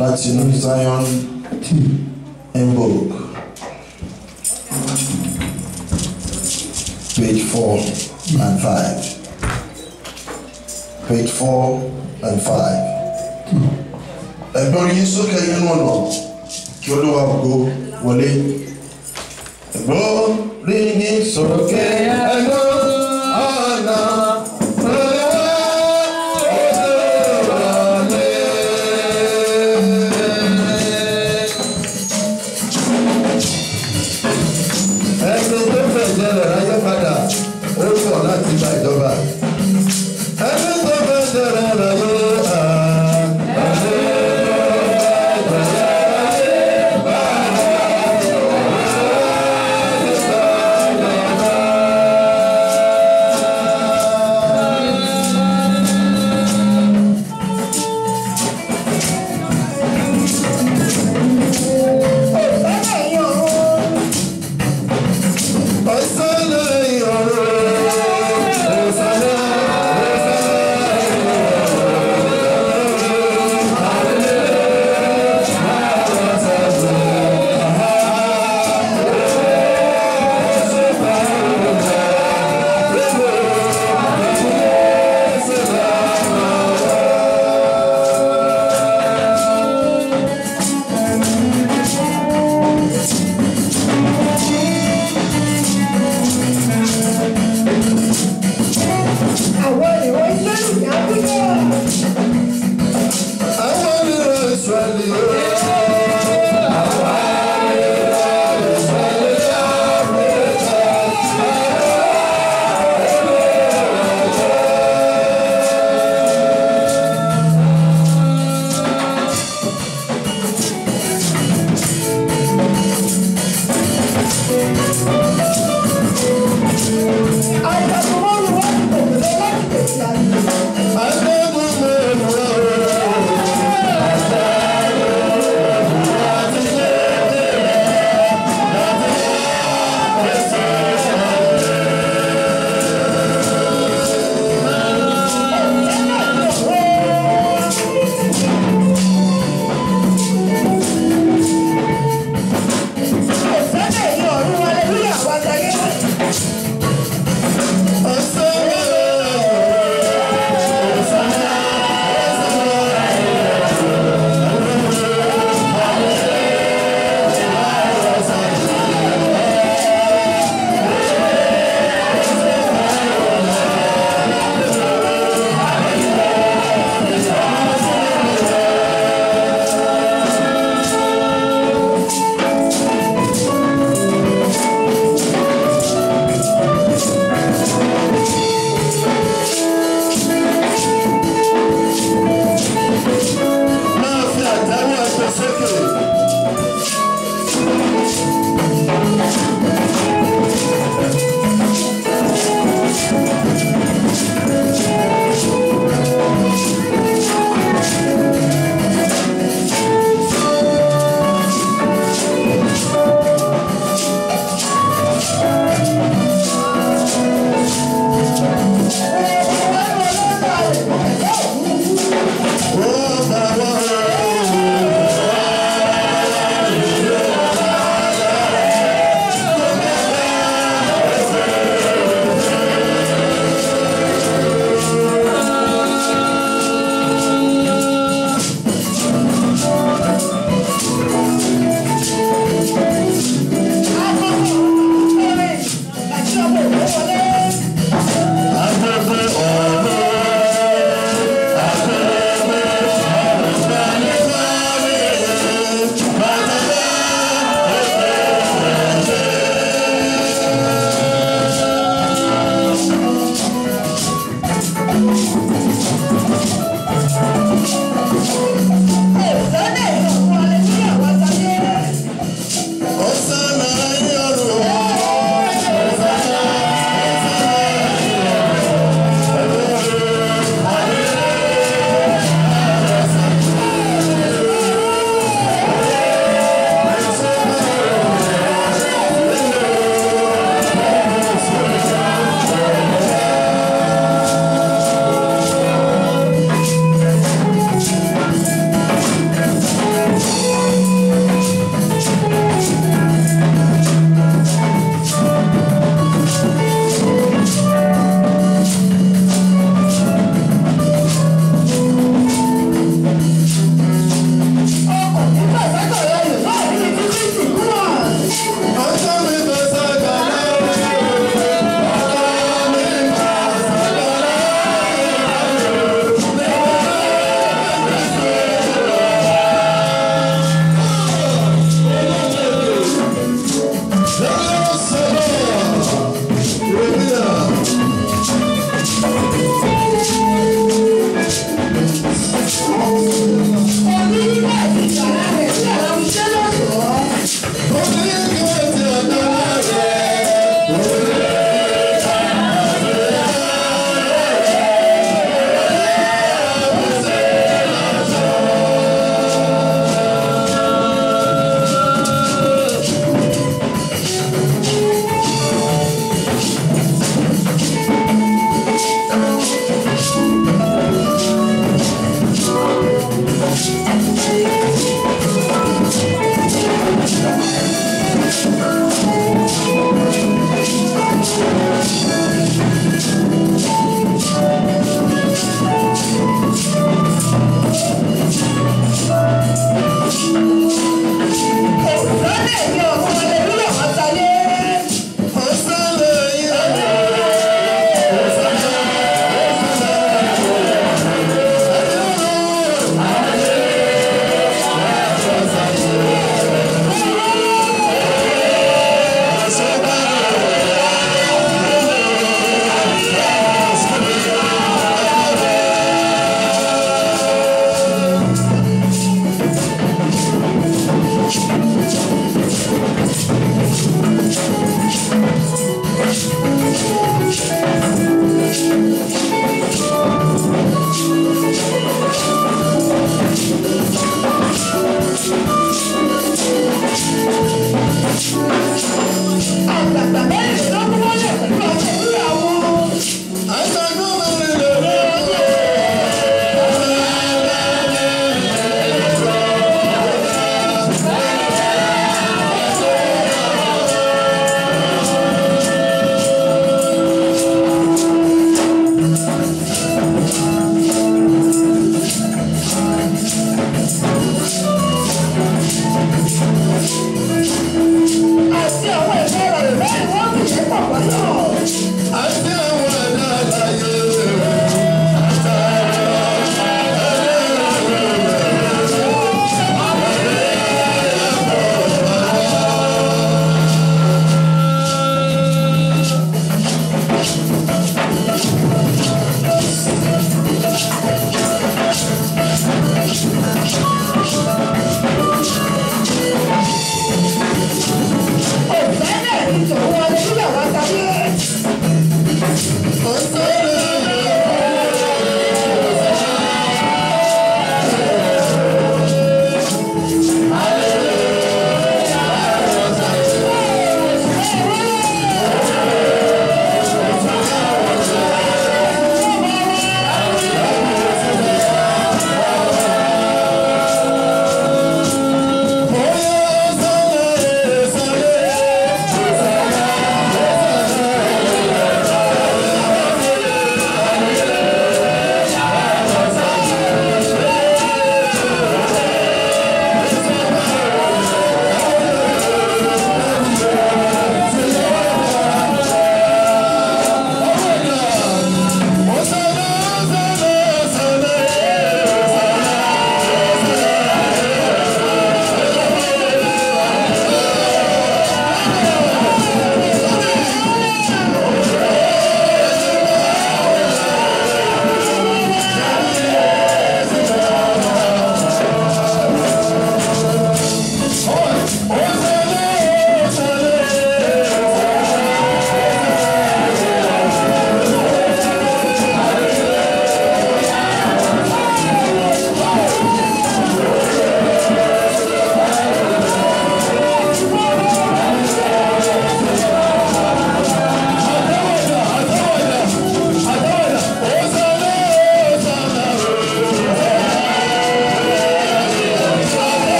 láti inú Zion t Hamburg page four and five page four and five ẹ̀gbọ́n yìí sókè nínú ọ̀nà kí Olúwa ògo wọlé ẹ̀gbọ́n rí yín sókè ẹ̀gbọ́n.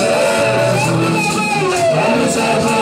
Jesus, Jesus, Jesus,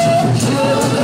to kill